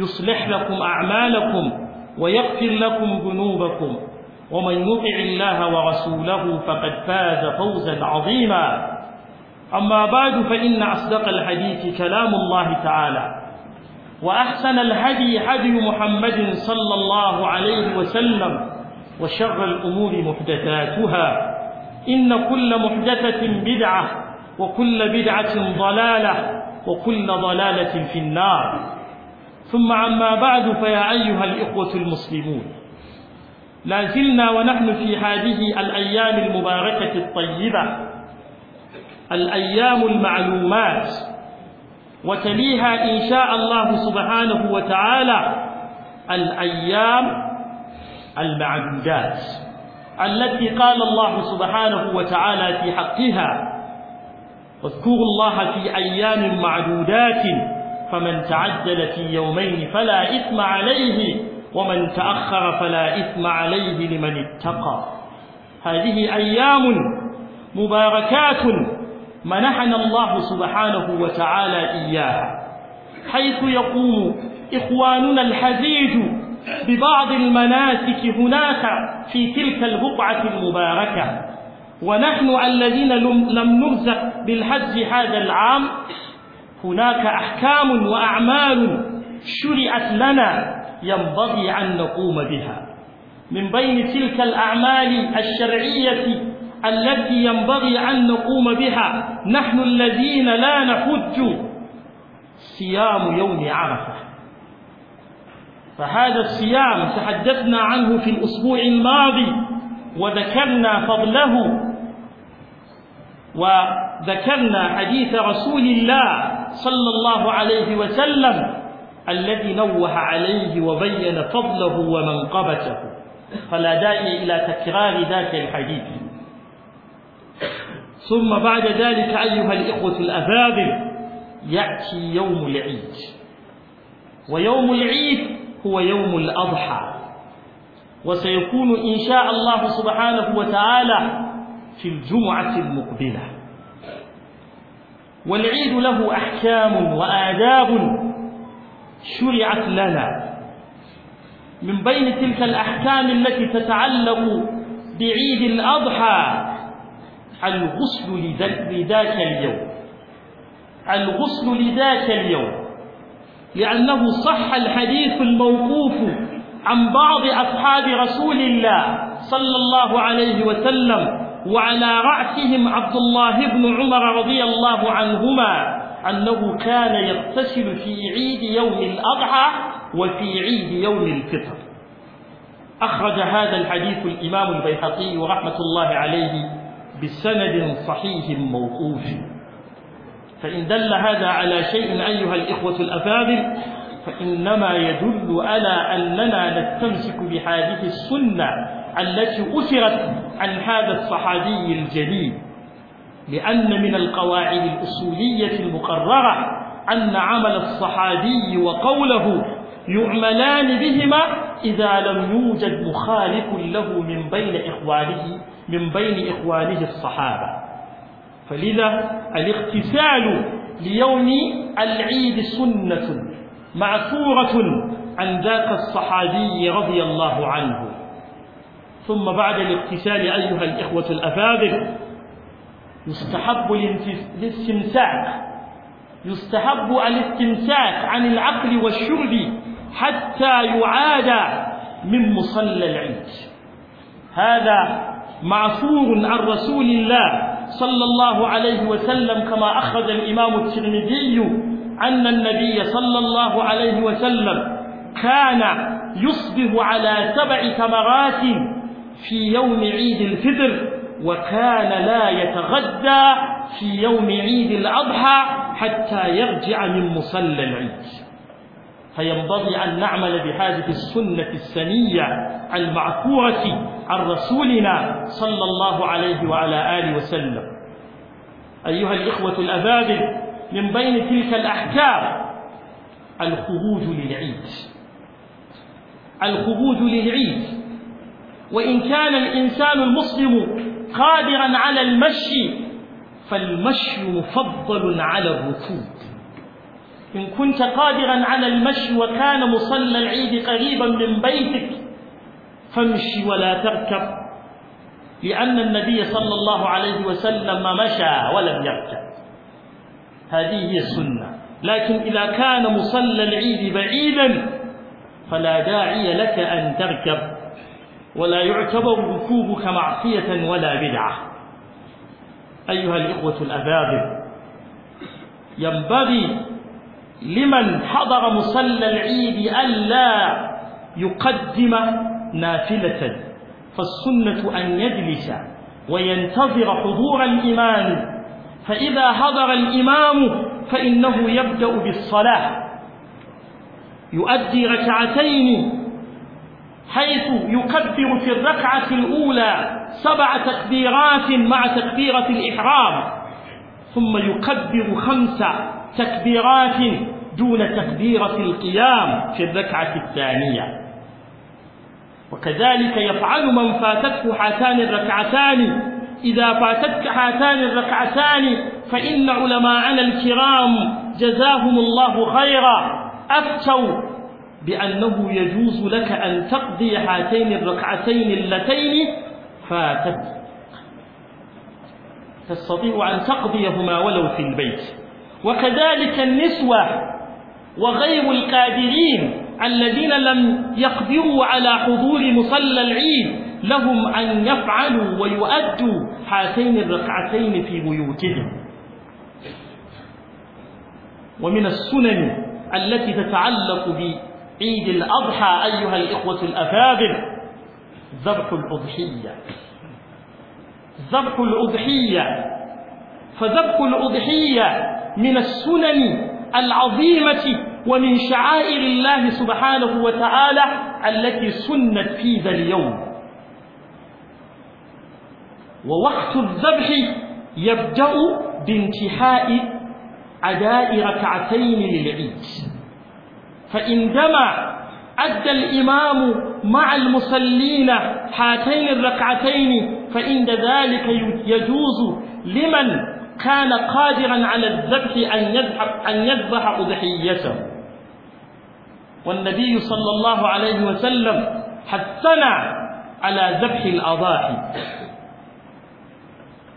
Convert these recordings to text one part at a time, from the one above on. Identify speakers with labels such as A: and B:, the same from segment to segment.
A: يصلح لكم أعمالكم ويغفر لكم ذنوبكم ومن يطع الله ورسوله فقد فاز فوزا عظيما أما بعد فإن أصدق الحديث كلام الله تعالى وأحسن الهدي هدي محمد صلى الله عليه وسلم وشر الأمور محدثاتها إن كل محدثة بدعة وكل بدعة ضلالة وكل ضلالة في النار ثم عما بعد فيا أيها الإخوة المسلمون لازلنا ونحن في هذه الأيام المباركة الطيبة الأيام المعلومات وتليها إن شاء الله سبحانه وتعالى الأيام المعدودات التي قال الله سبحانه وتعالى في حقها واذكروا الله في أيام معدودات فمن تعجل في يومين فلا إثم عليه ومن تأخر فلا إثم عليه لمن اتقى هذه أيام مباركات منحنا الله سبحانه وتعالى إياها حيث يقوم إخواننا الحجيج ببعض المناسك هناك في تلك البقعة المباركة ونحن الذين لم نرزق بالحج هذا العام هناك أحكام وأعمال شرعت لنا ينبغي أن نقوم بها من بين تلك الأعمال الشرعية التي ينبغي أن نقوم بها نحن الذين لا نحج صيام يوم عرفة فهذا الصيام تحدثنا عنه في الأسبوع الماضي وذكرنا فضله و ذكرنا حديث رسول الله صلى الله عليه وسلم الذي نوه عليه وبين فضله ومنقبته فلا داعي إلى تكرار ذاك الحديث ثم بعد ذلك أيها الإخوة الأبابل يأتي يوم العيد ويوم العيد هو يوم الأضحى وسيكون إن شاء الله سبحانه وتعالى في الجمعة المقبلة والعيد له أحكام وآداب شرعت لنا من بين تلك الأحكام التي تتعلق بعيد الأضحى الغسل لذاك اليوم الغسل لذاك اليوم لأنه صح الحديث الموقوف عن بعض أصحاب رسول الله صلى الله عليه وسلم وعلى رأسهم عبد الله بن عمر رضي الله عنهما أنه كان يغتسل في عيد يوم الأضحى وفي عيد يوم الفطر أخرج هذا الحديث الإمام البيهقي رحمة الله عليه بسند صحيح موقوف فإن دل هذا على شيء أيها الإخوة الأفاضل فإنما يدل على أننا نستمسك بهذه السنة التي أثرت عن هذا الصحابي الجليل لأن من القواعد الأصولية المقررة أن عمل الصحابي وقوله يعملان بهما إذا لم يوجد مخالف له من بين إخوانه من بين إخوانه الصحابة فلذا الاغتسال ليوم العيد سنة معثورة عن ذاك الصحابي رضي الله عنه ثم بعد الاغتسال أيها الإخوة الأفاضل يستحب الاستمساك يستحب الاستمساك عن العقل والشرب حتى يعاد من مصلى العيد هذا معصور عن رسول الله صلى الله عليه وسلم كما أخرج الإمام الترمذي أن النبي صلى الله عليه وسلم كان يصبح على سبع ثمرات في يوم عيد الفطر وكان لا يتغدى في يوم عيد الأضحى حتى يرجع من مصلى العيد فينبغي أن نعمل بهذه السنة السنية المعفوة عن رسولنا صلى الله عليه وعلى آله وسلم أيها الإخوة الأبابل من بين تلك الأحكام الخروج للعيد الخروج للعيد وإن كان الإنسان المسلم قادرا على المشي فالمشي مفضل على الركوب إن كنت قادرا على المشي وكان مصلى العيد قريبا من بيتك فامش ولا تركب لأن النبي صلى الله عليه وسلم مشى ولم يركب هذه هي السنة لكن إذا كان مصلى العيد بعيدا فلا داعي لك أن تركب ولا يعتبر ركوبك معصية ولا بدعة أيها الإخوة الأبابل ينبغي لمن حضر مصلى العيد ألا يقدم نافلة فالسنة أن يجلس وينتظر حضور الإمام فإذا حضر الإمام فإنه يبدأ بالصلاة يؤدي ركعتين حيث يكبر في الركعة الأولى سبع تكبيرات مع تكبيرة الإحرام ثم يكبر خمس تكبيرات دون تكبيرة القيام في الركعة الثانية وكذلك يفعل من فاتته هاتان الركعتان إذا فاتتك هاتان الركعتان فإن علماءنا الكرام جزاهم الله خيرا أفتوا بأنه يجوز لك أن تقضي هاتين الركعتين اللتين فاتت تستطيع أن تقضيهما ولو في البيت وكذلك النسوة وغير القادرين الذين لم يقدروا على حضور مصلى العيد لهم أن يفعلوا ويؤدوا هاتين الركعتين في بيوتهم ومن السنن التي تتعلق ب عيد الأضحى أيها الإخوة الأفاضل ذبح الأضحية ذبح الأضحية فذبح الأضحية من السنن العظيمة ومن شعائر الله سبحانه وتعالى التي سنت في ذا اليوم ووقت الذبح يبدأ بانتهاء أداء ركعتين للعيد فعندما أدى الإمام مع المصلين هاتين الركعتين فإن ذلك يجوز لمن كان قادرا على الذبح أن يذبح, أن يذبح أضحيته والنبي صلى الله عليه وسلم حثنا على ذبح الأضاحي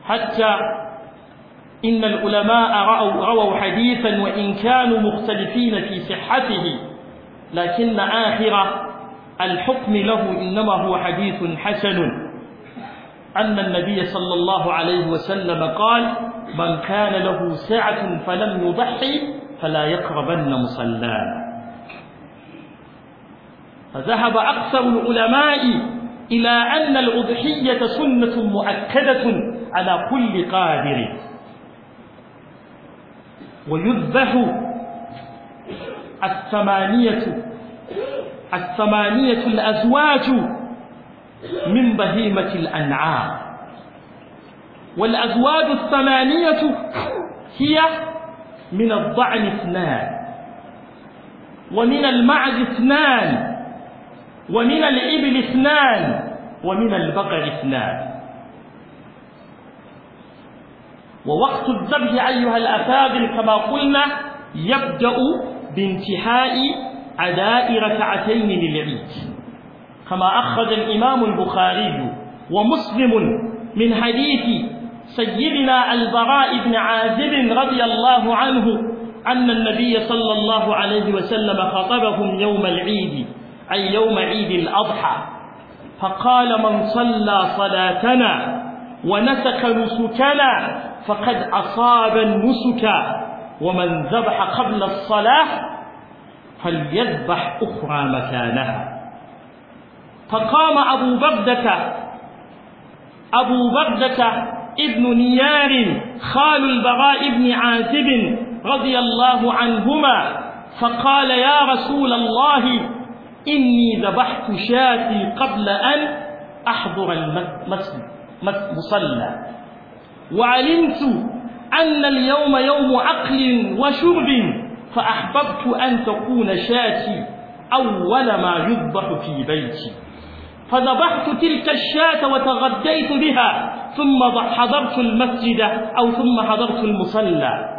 A: حتى إن العلماء رأوا, رووا حديثا وإن كانوا مختلفين في صحته لكن آخر الحكم له إنما هو حديث حسن أن النبي صلى الله عليه وسلم قال من كان له سعة فلم يضحي فلا يقربن مصلاه فذهب أكثر العلماء إلى أن الأضحية سنة مؤكدة على كل قادر ويذبح الثمانية الثمانية الأزواج من بهيمة الأنعام والأزواج الثمانية هي من الضعن اثنان ومن المعز اثنان ومن الإبل اثنان ومن البقر اثنان ووقت الذبح أيها الأفاضل كما قلنا يبدأ بانتهاء أداء ركعتين للعيد كما أخرج الإمام البخاري ومسلم من حديث سيدنا البراء بن عازب رضي الله عنه أن النبي صلى الله عليه وسلم خطبهم يوم العيد أي يوم عيد الأضحى فقال من صلى صلاتنا ونسك نسكنا فقد أصاب النسك ومن ذبح قبل الصلاة فليذبح أخرى مكانها فقام أبو بردة أبو بردة ابن نيار خال البراء بن عازب رضي الله عنهما فقال يا رسول الله إني ذبحت شاتي قبل أن أحضر المصلى وعلمت أن اليوم يوم عقل وشرب فأحببت أن تكون شاتي أول ما يذبح في بيتي فذبحت تلك الشاة وتغديت بها ثم حضرت المسجد أو ثم حضرت المصلى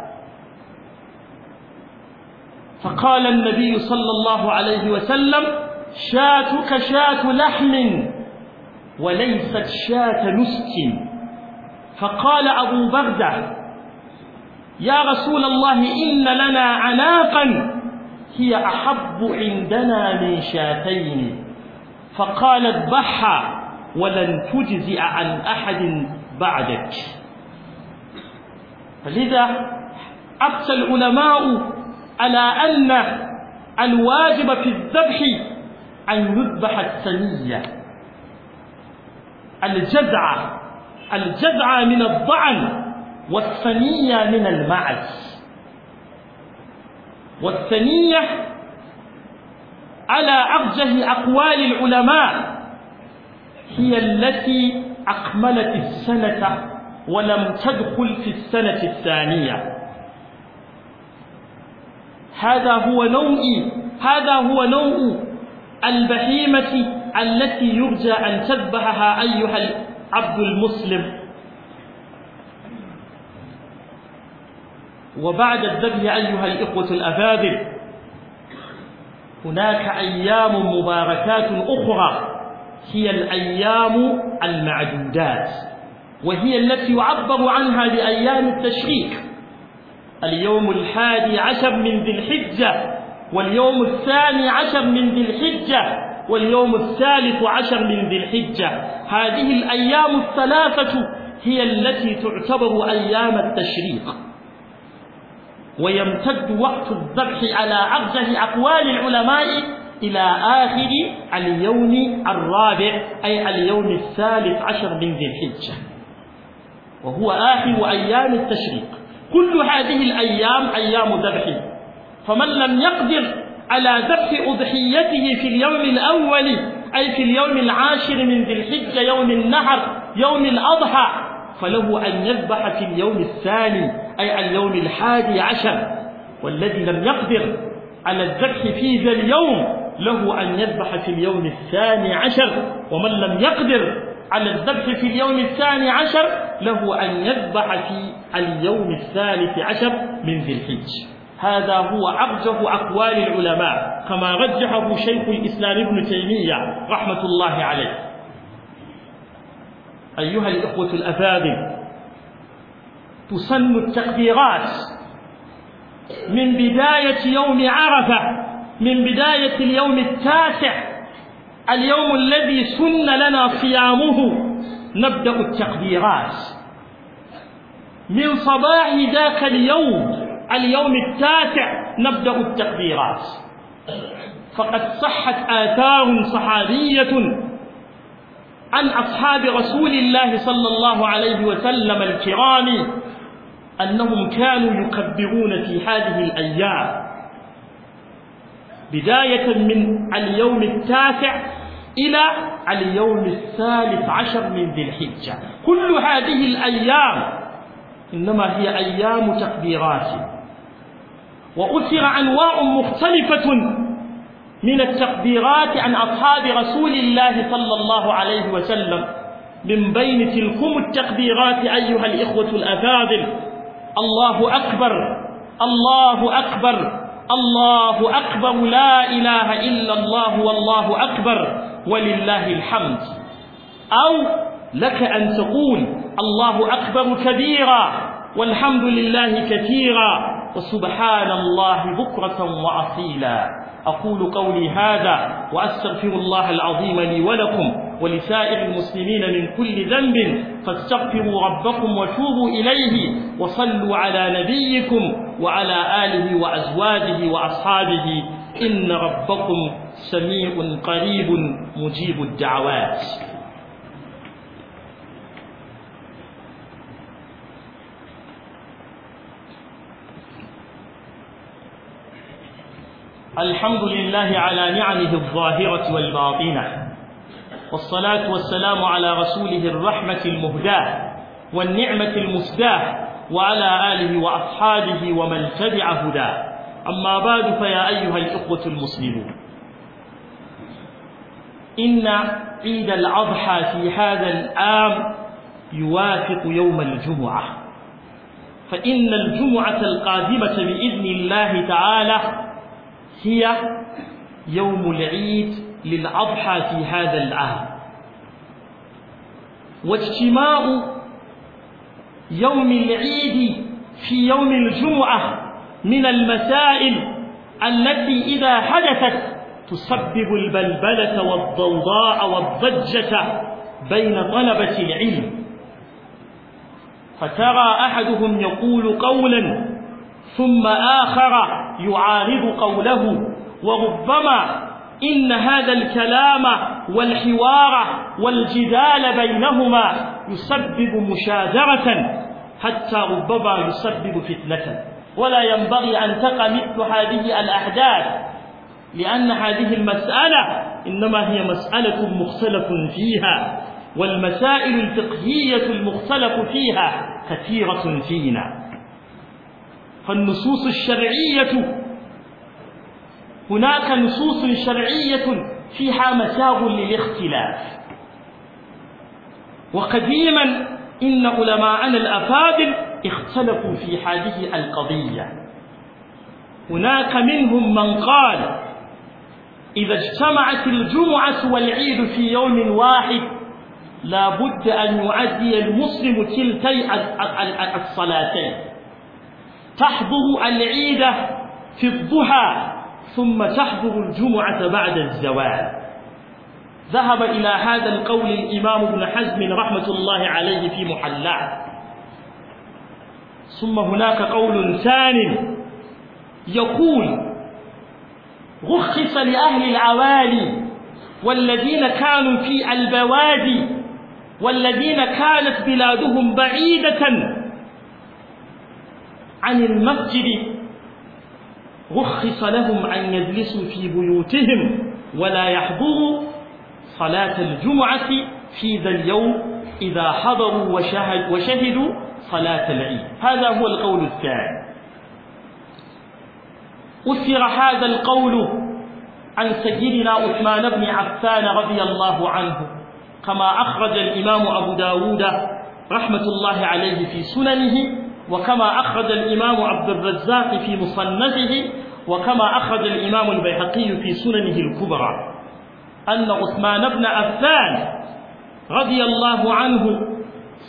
A: فقال النبي صلى الله عليه وسلم شاتك شاة لحم وليست شاة نسك فقال أبو بغدة يا رسول الله إن لنا عناقا هي أحب عندنا من شاتين فقال اذبحها ولن تجزئ عن أحد بعدك فلذا أفتى العلماء على أن الواجب في الذبح أن يذبح السنية الجزعة الجذع من الضعن والثنية من المعز والثنية على أرجه أقوال العلماء هي التي أكملت السنة ولم تدخل في السنة الثانية هذا هو نوع هذا هو نوع البهيمة التي يرجى أن تذبحها أيها عبد المسلم وبعد الذبح أيها الإخوة الأبابل هناك أيام مباركات أخرى هي الأيام المعدودات وهي التي يعبر عنها بأيام التشريك اليوم الحادي عشر من ذي الحجة واليوم الثاني عشر من ذي الحجة واليوم الثالث عشر من ذي الحجة هذه الأيام الثلاثة هي التي تعتبر أيام التشريق ويمتد وقت الذبح على أرجح أقوال العلماء إلى آخر اليوم الرابع أي اليوم الثالث عشر من ذي الحجة وهو آخر أيام التشريق كل هذه الأيام أيام ذبح فمن لم يقدر على ذبح أضحيته في اليوم الأول أي في اليوم العاشر من ذي الحجة يوم النحر يوم الأضحى فله أن يذبح في اليوم الثاني أي اليوم الحادي عشر والذي لم يقدر على الذبح في ذا اليوم له أن يذبح في اليوم الثاني عشر ومن لم يقدر على الذبح في اليوم الثاني عشر له أن يذبح في اليوم الثالث عشر من ذي الحج هذا هو أرجح أقوال العلماء كما رجحه شيخ الإسلام ابن تيمية رحمة الله عليه أيها الإخوة الأفاضل تسن التقديرات من بداية يوم عرفة من بداية اليوم التاسع اليوم الذي سن لنا صيامه نبدأ التقديرات من صباح ذاك اليوم اليوم التاسع نبدأ التكبيرات فقد صحت آثار صحابية عن أصحاب رسول الله صلى الله عليه وسلم الكرام أنهم كانوا يكبرون في هذه الأيام بداية من اليوم التاسع إلى اليوم الثالث عشر من ذي الحجة كل هذه الأيام إنما هي أيام تكبيرات وأثر أنواع مختلفة من التقديرات عن أصحاب رسول الله صلى الله عليه وسلم من بين تلكم التقديرات أيها الإخوة الأفاضل الله أكبر الله أكبر الله أكبر لا إله إلا الله والله أكبر ولله الحمد أو لك أن تقول الله أكبر كبيرا والحمد لله كثيرا وسبحان الله بكرة وأصيلا أقول قولي هذا وأستغفر الله العظيم لي ولكم ولسائر المسلمين من كل ذنب فاستغفروا ربكم وتوبوا إليه وصلوا على نبيكم وعلى آله وأزواجه وأصحابه إن ربكم سميع قريب مجيب الدعوات الحمد لله على نعمه الظاهرة والباطنة والصلاة والسلام على رسوله الرحمة المهداة والنعمة المسداة وعلى آله وأصحابه ومن تبع هداه أما بعد فيا أيها الإخوة المسلمون إن عيد الأضحى في هذا العام يوافق يوم الجمعة فإن الجمعة القادمة بإذن الله تعالى هي يوم العيد للأضحى في هذا العام واجتماع يوم العيد في يوم الجمعة من المسائل التي إذا حدثت تسبب البلبلة والضوضاء والضجة بين طلبة العلم فترى أحدهم يقول قولا ثم آخر يعارض قوله وربما إن هذا الكلام والحوار والجدال بينهما يسبب مشاجرة حتى ربما يسبب فتنة ولا ينبغي أن تقع مثل هذه الأحداث لأن هذه المسألة إنما هي مسألة مختلف فيها والمسائل الفقهية المختلف فيها كثيرة فينا فالنصوص الشرعية هناك نصوص شرعية فيها مساغ للاختلاف وقديما إن علماءنا الأفاضل اختلفوا في هذه القضية هناك منهم من قال إذا اجتمعت الجمعة والعيد في يوم واحد لا بد أن يعدي المسلم تلتي الصلاتين تحضر العيد في الضحى ثم تحضر الجمعة بعد الزوال ذهب إلى هذا القول الإمام ابن حزم رحمة الله عليه في محلاه ثم هناك قول ثان يقول رخص لأهل العوالي والذين كانوا في البوادي والذين كانت بلادهم بعيدة عن المسجد رخص لهم أن يجلسوا في بيوتهم ولا يحضروا صلاة الجمعة في ذا اليوم إذا حضروا وشهد وشهدوا صلاة العيد هذا هو القول الثاني أثر هذا القول عن سيدنا عثمان بن عفان رضي الله عنه كما أخرج الإمام أبو ر داود رحمة الله عليه في سننه وكما أخرج الإمام عبد الرزاق في مصنفه وكما أخرج الإمام البيهقي في سننه الكبرى أن عثمان بن عفان رضي الله عنه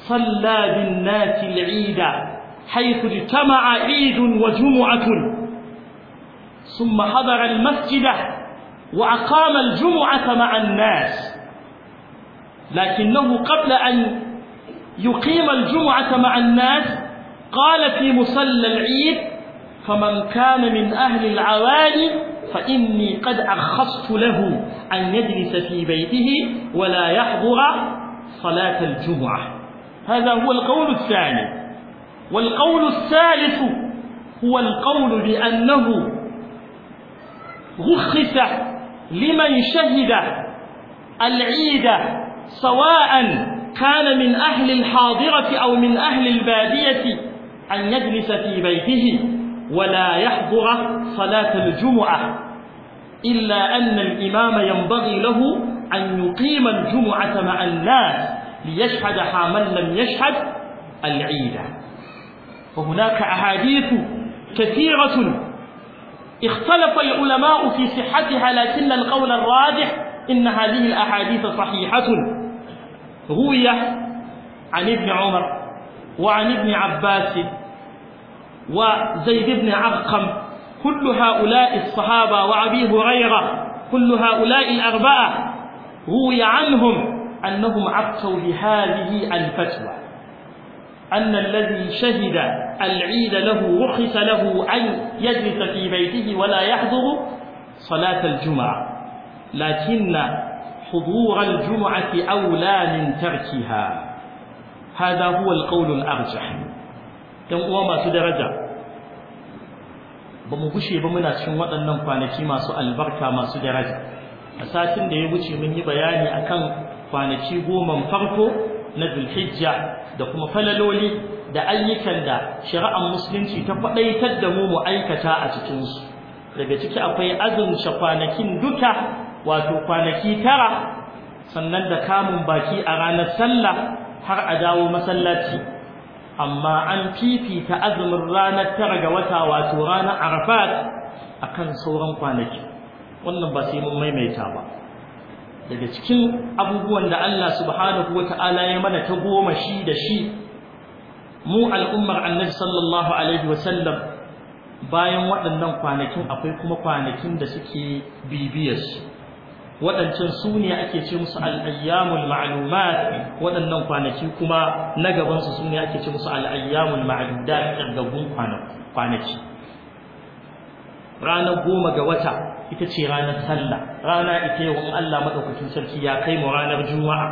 A: صلى بالناس العيد حيث اجتمع عيد وجمعة ثم حضر المسجد وأقام الجمعة مع الناس لكنه قبل أن يقيم الجمعة مع الناس قال في مصلى العيد فمن كان من أهل العوالي فإني قد أخصت له أن يجلس في بيته ولا يحضر صلاة الجمعة هذا هو القول الثاني والقول الثالث هو القول بأنه رخص لمن شهد العيد سواء كان من أهل الحاضرة أو من أهل البادية أن يجلس في بيته ولا يحضر صلاة الجمعة إلا أن الإمام ينبغي له أن يقيم الجمعة مع الناس ليشهد من لم يشهد العيد وهناك أحاديث كثيرة اختلف العلماء في صحتها لكن القول الراجح إن هذه الأحاديث صحيحة روي عن ابن عمر وعن ابن عباس وزيد بن عرقم كل هؤلاء الصحابة وأبي هريرة كل هؤلاء الأربعة روي عنهم أنهم عطوا بهذه الفتوى أن الذي شهد العيد له رخص له أن يجلس في بيته ولا يحضر صلاة الجمعة لكن حضور الجمعة أولى من تركها hada huwa alqawl alarjah dan uwa masu daraja ba mu gushe ba muna cikin waɗannan kwanaki masu albarka masu daraja a satin da ya wuce mun yi bayani akan kwanaki goma farko na Zulhijja da kuma falaloli da ayyukan da shari'ar musulunci ta faɗaitar da mu mu aikata a cikin su daga ciki akwai azumce kwanakin duka wato kwanaki tara sannan da kamun baki a ranar sallah har a dawo masallaci amma an fifita azumin ranar tara ga wata wato ranar arafat akan sauran kwanaki wannan ba sai mun maimaita ba daga cikin abubuwan da Allah subhanahu Ta'ala ya mana ta goma shi da shi mu al'ummar annabi sallallahu alaihi sallam bayan waɗannan kwanakin akwai kuma kwanakin da suke bibiyarsu waɗancan su ne ake ce musu al'ayyamun ma'lumat waɗannan kwanaki kuma na gabansu su ne ake ce musu al'ayyamun ma'adudat ɗargaggun kwanaki ranar goma ga wata ita ce ranar sallah rana ita yau in Allah maɗaukakin sarki ya kai mu ranar juma'a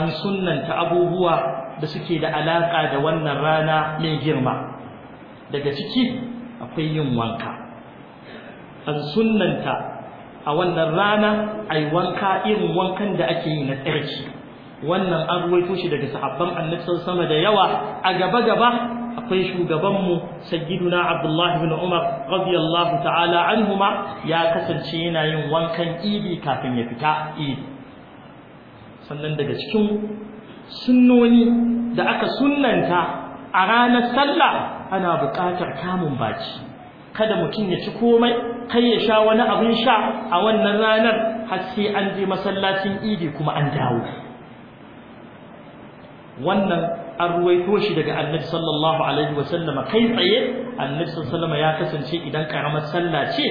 A: an sunanta abubuwa da suke da alaƙa da wannan rana mai girma daga ciki akwai yin wanka an sunanta. a wannan rana a yi wanka irin wankan da ake yi na tsarki wannan an ruwaito shi daga sahabban annabi sama da yawa a gaba gaba akwai shugabanmu sayyiduna abdullahi bin umar radiyallahu ta'ala anhuma ya kasance yana yin wankan idi kafin ya fita idi sannan daga cikin sunnoni da aka sunnanta a ranar sallah ana buƙatar kamun baci kada mutum ya ci komai kai ya sha wani abin sha a wannan ranar har sai an je masallacin idi kuma an dawo wannan an ruwaito shi daga annabi sallallahu alaihi wa sallama kai tsaye annabi sallallahu ya kasance idan karamar sallah ce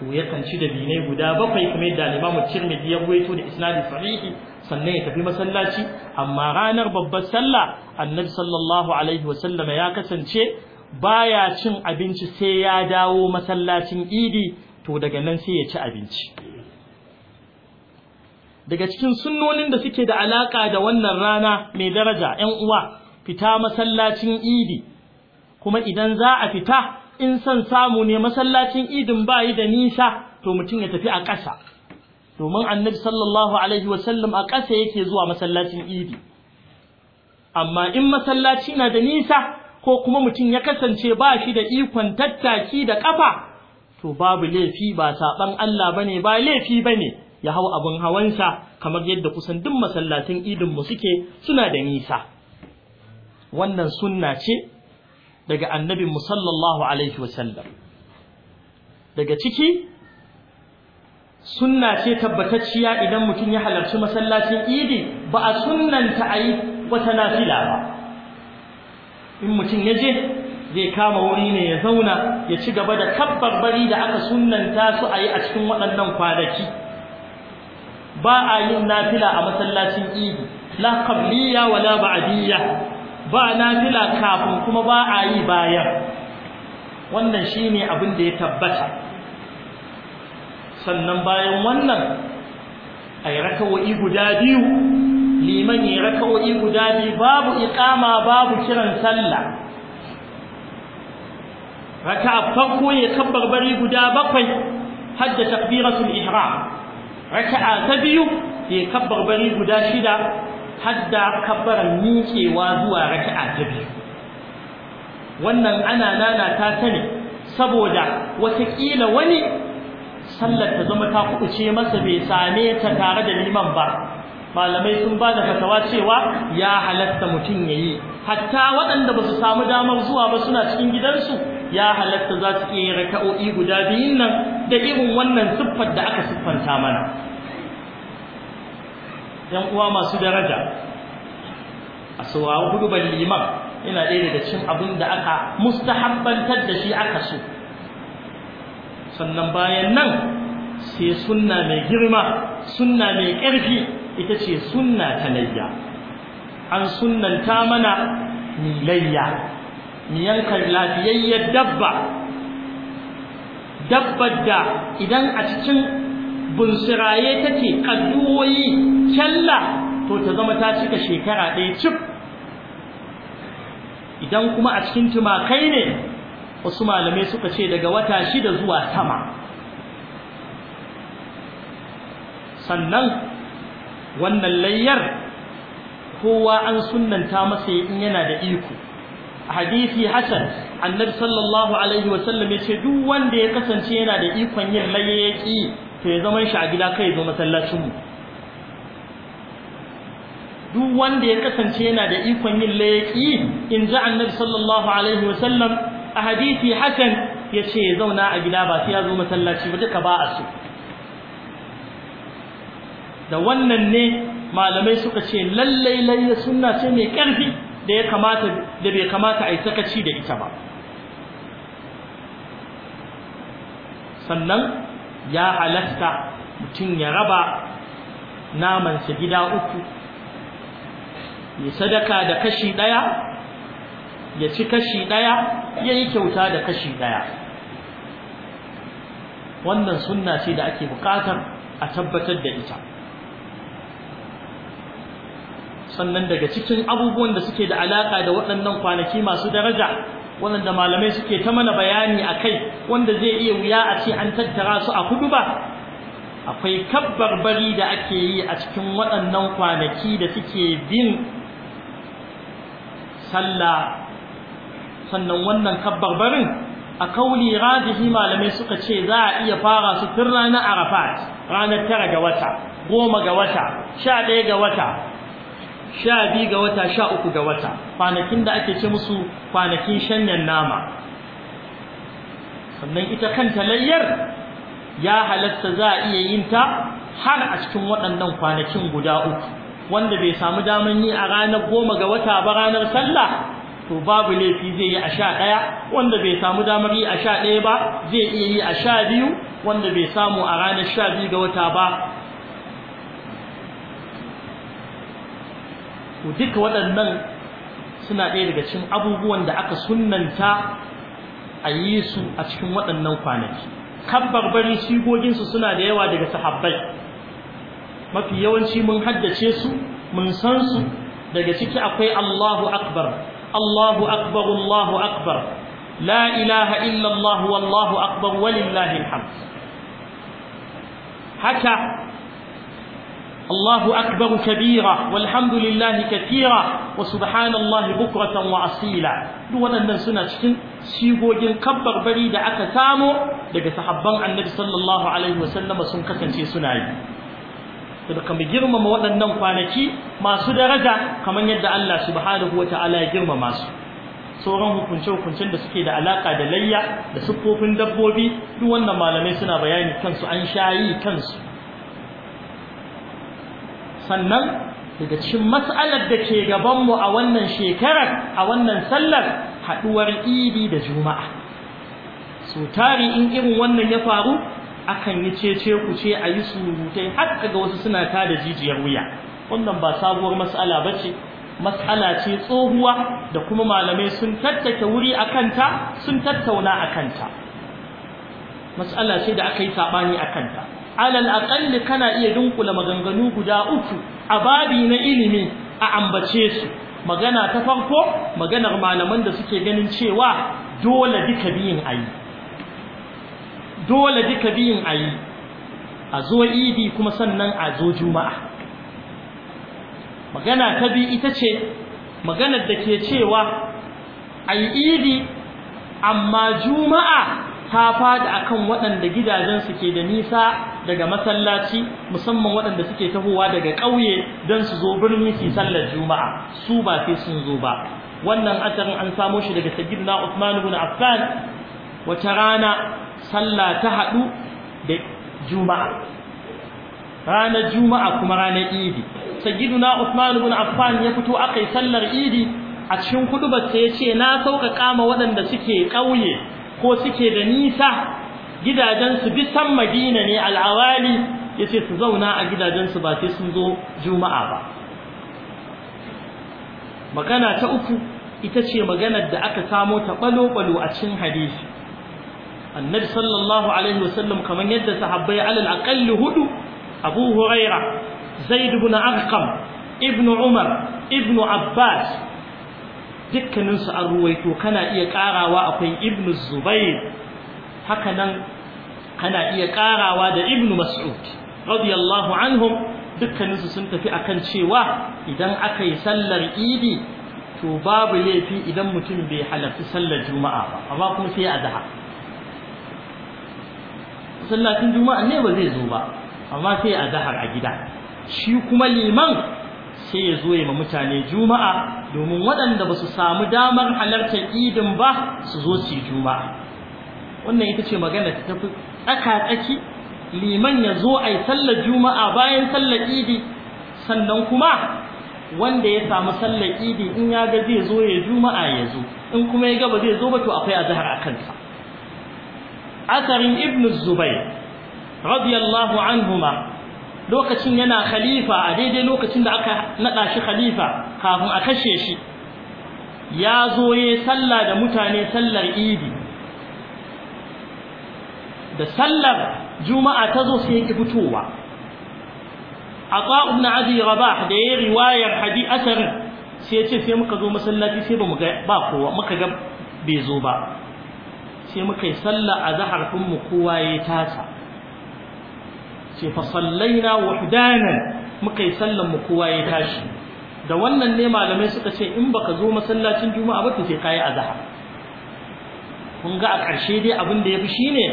A: to yakan ci da binai guda bakwai kuma yadda Imam Tirmidhi ya ruwaito da isnadi sahihi sannan ya tafi masallaci amma ranar babbar sallah annabi sallallahu alaihi wa sallama ya kasance baya cin abinci sai ya dawo masallacin idi to daga nan sai ya ci abinci daga cikin sunnonin da suke da alaka da wannan rana mai daraja 'yan uwa fita masallacin idi kuma idan za a fita in san samu ne masallacin idin bayi da nisa to mutum ya tafi a ƙasa domin annabi sallallahu alaihi wasallam a ƙasa yake zuwa masallacin idi amma in masallaci na da nisa ko kuma mutum ya kasance ba shi da ikon tattaki da ƙafa, to babu laifi ba saban Allah bane ba laifi bane ya hau abin hawansa kamar yadda kusan duk masallatin idin mu suke suna da nisa wannan sunna ce daga annabi mu sallallahu alaihi wasallam daga ciki sunna ce tabbatacciya idan mutum ya halarci masallacin idi ba a sunnanta ayi wata nafila ba in mutum ya je zai kama wuri ne ya zauna ya ci gaba da bari da aka sunanta su a yi a cikin waɗannan kwanaki ba a yin nafila a masallacin idi la qabliya wala ba'diyya ba nafila kafin kuma ba a yi bayan wannan shine abin da ya tabbata sannan bayan wannan ay rakawa'i guda biyu liman ya raka'o'i guda biyu babu iqama babu kiran sallah raka'a farko ya kabbar guda bakwai hadda takbiratul ihram raka'a ta biyu ya kabbar guda shida hadda kabbaran miƙewa zuwa raka'a ta biyu wannan ana nana ta sani saboda watakila wani sallar ta zama ta kuɓuce masa bai same ta tare da liman ba malamai sun ba da fatawa cewa ya halatta mutum ya yi hatta waɗanda ba su samu damar zuwa ba suna cikin gidansu ya halatta za su iya raka'o'i guda biyun nan da irin wannan siffar da aka siffanta mana yan uwa masu daraja a saurawa hudubar liman ina ɗaya daga cikin abin da aka mustahabbantar da shi aka so sannan bayan nan sai sunna mai girma sunna mai ƙarfi ita ce sunna ta layya an sunnanta mana ni layya ni yanka lafiyayyar dabba dabbar da idan a cikin bunsiraye take kadduwoyi kyalla to ta zama ta cika shekara ɗaya cif idan kuma a cikin tumakai ne wasu malamai suka ce daga wata shida zuwa sama sannan wannan layyar kowa an sunnanta masa in yana da iko hadisi hasan annabi sallallahu alaihi wasallam ya ce duk wanda ya kasance yana da ikon yin layyaki to ya zama shi a gida kai zo masallacin mu duk wanda ya kasance yana da ikon yin layyaki in ji annabi sallallahu alaihi wa sallam, a hadisi hasan ya ce ya zauna a gida ba sai ya zo masallaci ba duka ba a so da wannan ne malamai suka ce lallai lalle sunna ce mai ƙarfi da ya kamata da bai kamata a yi sakaci da ita ba sannan ya halatta mutum ya raba namansa gida uku ya sadaka da kashi ɗaya ya ci kashi ɗaya ya yi kyauta da kashi ɗaya wannan sunna ce da ake buƙatar a tabbatar da ita sannan daga cikin abubuwan da suke da alaka da waɗannan kwanaki masu daraja waɗanda malamai suke ta mana bayani a kai wanda zai iya wuya a ce an tattara su a kudu ba akwai kabbar bari da ake yi a cikin waɗannan kwanaki da suke bin sallah sannan wannan kabbar barin a kauli radihi malamai suka ce za a iya fara su tun ranar arafat ranar tara ga wata goma ga wata sha ɗaya ga wata sha biyu ga wata sha uku ga wata kwanakin da ake ce musu kwanakin shanyan nama sannan ita kanta layyar ya halatta za a iya yin ta har a cikin waɗannan kwanakin guda uku wanda bai samu damar yi a ranar goma ga wata ba ranar sallah to babu laifi zai yi a sha ɗaya wanda bai samu damar yi a sha ɗaya ba zai iya yi a sha biyu wanda bai samu a ranar sha biyu ga wata ba duka waɗannan suna ɗaya daga cikin abubuwan da aka sunnanta a yi su a cikin waɗannan kwanaki kabbar bari sigoginsu suna da yawa daga sahabbai mafi yawanci mun haddace su mun san su daga ciki akwai Allahu akbar Allahu akbar Allahu akbar la ilaha illa Allah wallahu akbar walillahi alhamd haka الله أكبر كبيرا والحمد لله كثيرا وسبحان الله بكرة وأصيلا دون أن نسنا تشكين سيقو جن كبر بريد أكتامو لك تحبان النبي صلى الله عليه وسلم سنكة في سنعي فبقى بجرم موضا نمقانكي ما سدرجة كمن يدى الله سبحانه وتعالى جرم ما سدرجة sauran hukunce-hukuncen da suke da alaka da layya da siffofin dabbobi duk wannan malamai suna bayani kansu an shayi kansu sannan daga cikin mas'alar da ke gabanmu a wannan shekarar a wannan sallar haɗuwar idi da juma'a so tari in irin wannan ya faru akan yi cece ku ce a yi surutai har ga wasu suna ta da jijiyar wuya wannan ba sabuwar mas'ala ba ce matsala ce tsohuwa da kuma malamai sun tattake wuri a kanta sun tattauna a kanta matsala ce da aka yi saɓani a kanta alal aqalli kana iya dunkula maganganu guda uku a babi na ilimi a ambace su magana ta farko maganar malaman da suke ganin cewa dole duka biyin ayi dole duka biyin ayi a zo idi kuma sannan a zo juma'a magana ta bi ita ce maganar da ke cewa ayi idi amma juma'a ta fada akan waɗanda gidajen su ke da nisa daga masallaci musamman waɗanda suke tahowa daga ƙauye don su zo birni su sallar juma'a su ba sai sun zo ba wannan asarin an samo shi daga sayyidina Uthman ibn Affan wata rana sallah ta hadu, da juma'a ranar juma'a kuma ranar idi sayyidina Uthman ibn Affan ya fito akai sallar idi a cikin kudubar sai ya ce na sauka kama waɗanda suke ƙauye ko suke da nisa gidajensu bisan madina ne al'awali ya ce su zauna a gidajensu ba sai sun zo juma'a ba magana ta uku ita ce maganar da aka samo ta ɓalo-ɓalo a cikin hadisi annabi sallallahu alaihi wasallam kamar yadda sahabbai alal aƙalli hudu abu huraira zaid ibn arqam ibn umar ibn abbas dukkaninsu an ruwaito kana iya ƙarawa akwai ibn zubair haka nan kana iya ƙarawa da ibn mas'ud radiyallahu anhum dukkaninsu sun tafi akan cewa idan aka yi sallar idi to babu laifi idan mutum bai halarci sallar juma'a ba amma kuma sai a zaha sallacin juma'a ne ba zai zo ba amma sai a zahar a gida shi kuma liman sai ya zo ya ma mutane juma'a domin waɗanda ba su samu damar halartar idin ba su zo su juma'a wannan ita ce magana ta tafi tsaka-tsaki liman ya zo a yi sallar juma'a bayan sallar idi sannan kuma wanda ya samu sallar idi in ya ga zai zo ya juma'a ya zo in kuma ya ga ba zai zo ba to akwai azhar a kansa asarin ibnu zubair radiyallahu anhuma lokacin yana khalifa a daidai lokacin da aka naɗa shi khalifa kafin a kashe shi ya zo ya sallah da mutane sallar idi da sallar juma'a ta zo sai yake fitowa ƙwa'ub ibn abi rabah da ya riwayar hadi asarin sai ya ce sai muka zo masallaci sai ba mu ga ba kowa muka ga bai zo ba sai muka yi sallah a zahar kun mu kowa ya tasa ce fa sallaina wahdanan muka yi sallan mu kowa ya tashi da wannan ne malamai suka ce in baka zo masallacin juma'a ba to sai kai azhar kun ga a ƙarshe dai abin da yafi shine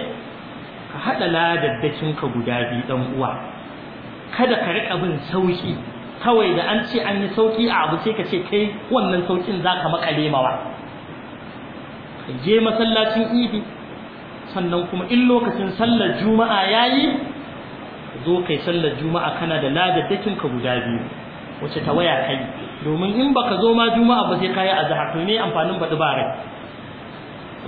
A: ka hada ladaddakin ka guda biyu dan uwa kada ka rika bin sauki kawai da an ce an yi sauki a abu sai ka ce kai wannan saukin zaka makale mawa je masallacin idi sannan kuma in lokacin sallar juma'a yayi zo kai sallar juma'a kana da ladaddakin ka guda biyu wace ta waya kai domin in baka zo ma juma'a ba sai kai azhar to ne amfanin baɗi ba rai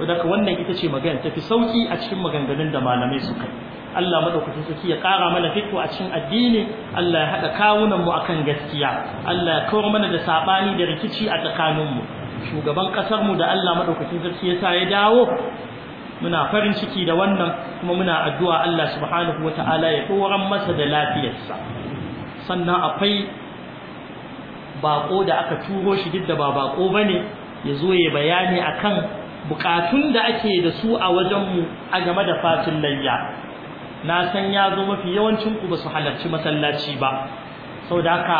A: daga wannan ita ce magana tafi sauki a cikin maganganun da malamai suka yi Allah madaukakin sarki ya kara mana fito a cikin addini Allah ya haɗa kawunan mu akan gaskiya Allah ya kawar mana da sabani da rikici a tsakanin mu shugaban ƙasarmu mu da Allah madaukakin sarki ya sa ya dawo muna farin ciki da wannan kuma muna addu'a Allah subhanahu wata'ala ya koran masa da lafiyarsa sannan akwai bako da aka turo shi duk da ba bako bane ya zo ya bayani akan bukatun da ake da su a wajen mu a game da fatin layya na san ya zo mafi yawancin ku ba su halarci masallaci ba saboda haka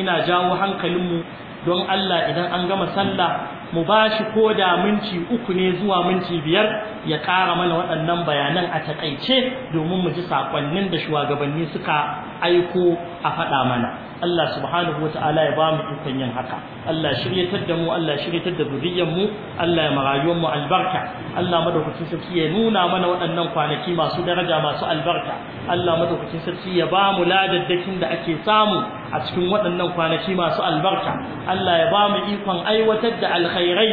A: ina jawo hankalinmu don Allah idan an gama sallah mu ba shi ko da minti uku ne zuwa minti biyar ya ƙara mana waɗannan bayanan a taƙaice domin mu ji saƙonnin da shugabanni suka aiko a faɗa mana Allah subhanahu wa ta'ala ya ba mu ikon yin haka Allah shiryatar da mu Allah shiryatar da zuriyar mu Allah ya marayuwar mu albarka Allah madaukakin sarki ya nuna mana waɗannan kwanaki masu daraja masu albarka Allah madaukakin sarki ya ba mu ladaddakin da ake samu a cikin waɗannan kwanaki masu albarka Allah ya ba mu ikon aiwatar da alkhairai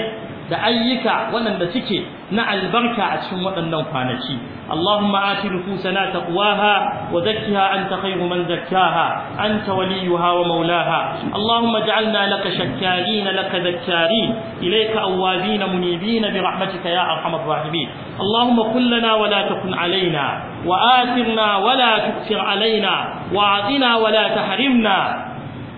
A: da ayyuka waɗanda suke na albarka a cikin waɗannan kwanaki Allahumma ati nufusana taqwaha wa zakkiha anta khayru man zakkaha anta waliyuha wa maulaha Allahumma ja'alna laka shakkarin laka zakkarin ilayka awabin munibin bi rahmatika ya arhamar rahimin Allahumma kullana lana wa la takun alaina wa atirna wa la alaina wa atina wa la tahrimna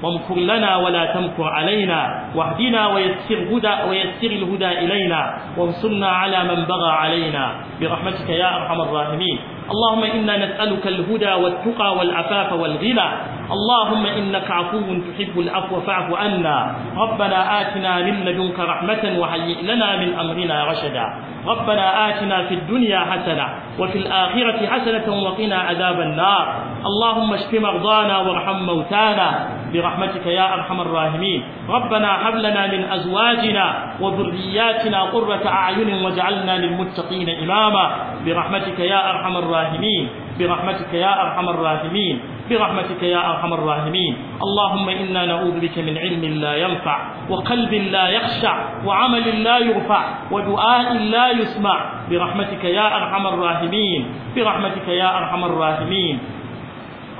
A: وامكر لنا ولا تمكر علينا واهدنا ويسر, هدى ويسر الهدى إلينا وانصرنا على من بغى علينا برحمتك يا أرحم الراحمين اللهم إنا نسألك الهدى والتقى والعفاف والغنى اللهم إنك عفو تحب العفو فاعف عنا ربنا آتنا من لدنك رحمة وهيئ لنا من أمرنا رشدا ربنا آتنا في الدنيا حسنة وفي الآخرة حسنة وقنا عذاب النار اللهم اشف مرضانا وارحم موتانا برحمتك يا أرحم الراحمين ربنا هب لنا من أزواجنا وذرياتنا قرة أعين واجعلنا للمتقين إماما برحمتك يا أرحم الراحمين برحمتك يا أرحم الراحمين برحمتك يا أرحم الراحمين اللهم إنا نعوذ بك من علم لا ينفع وقلب لا يخشع وعمل لا يرفع ودعاء لا يسمع برحمتك يا أرحم الراحمين برحمتك يا أرحم الراحمين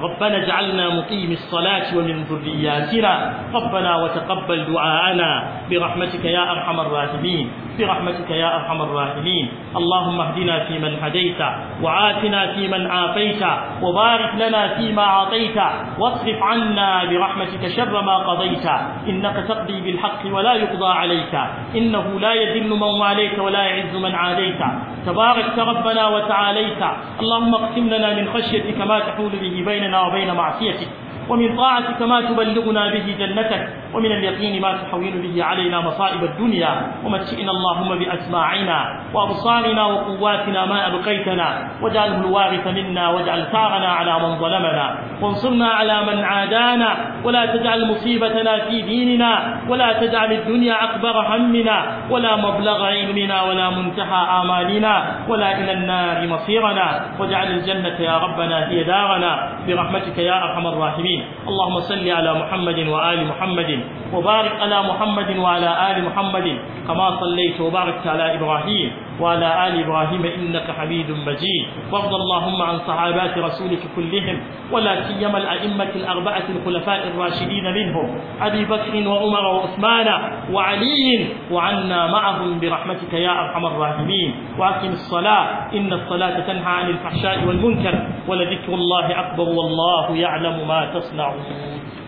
A: ربنا اجعلنا مقيم الصلاة ومن ذرياتنا ربنا وتقبل دعاءنا برحمتك يا أرحم الراحمين برحمتك يا أرحم الراحمين اللهم اهدنا فيمن هديت وعافنا فيمن عافيت وبارك لنا فيما أعطيت واصرف عنا برحمتك شر ما قضيت إنك تقضي بالحق ولا يقضى عليك إنه لا يذل من واليت ولا يعز من عاديت تبارك ربنا وتعاليت اللهم اقسم لنا من خشيتك ما تحول به بين 分隔了我谢谢。ومن طاعتك ما تبلغنا به جنتك ومن اليقين ما تحول به علينا مصائب الدنيا ومتئنا اللهم بأسماعنا وأبصارنا وقواتنا ما أبقيتنا واجعله الوارث منا واجعل ثارنا على من ظلمنا وانصرنا على من عادانا ولا تجعل مصيبتنا في ديننا ولا تجعل الدنيا أكبر همنا ولا مبلغ علمنا ولا منتهى آمالنا ولا إلى النار مصيرنا واجعل الجنة يا ربنا هي دارنا برحمتك يا أرحم الراحمين العالمين اللهم صل على محمد وآل محمد وبارك على محمد وعلى آل محمد كما صليت وباركت على إبراهيم وعلى آل إبراهيم إنك حميد مجيد وارض اللهم عن صحابات رسولك كلهم ولا سيما الأئمة الأربعة الخلفاء الراشدين منهم أبي بكر وعمر وعثمان وعلي وعنا معهم برحمتك يا أرحم الراحمين وأقم الصلاة إن الصلاة تنهى عن الفحشاء والمنكر ولذكر الله أكبر والله يعلم ما تصنعون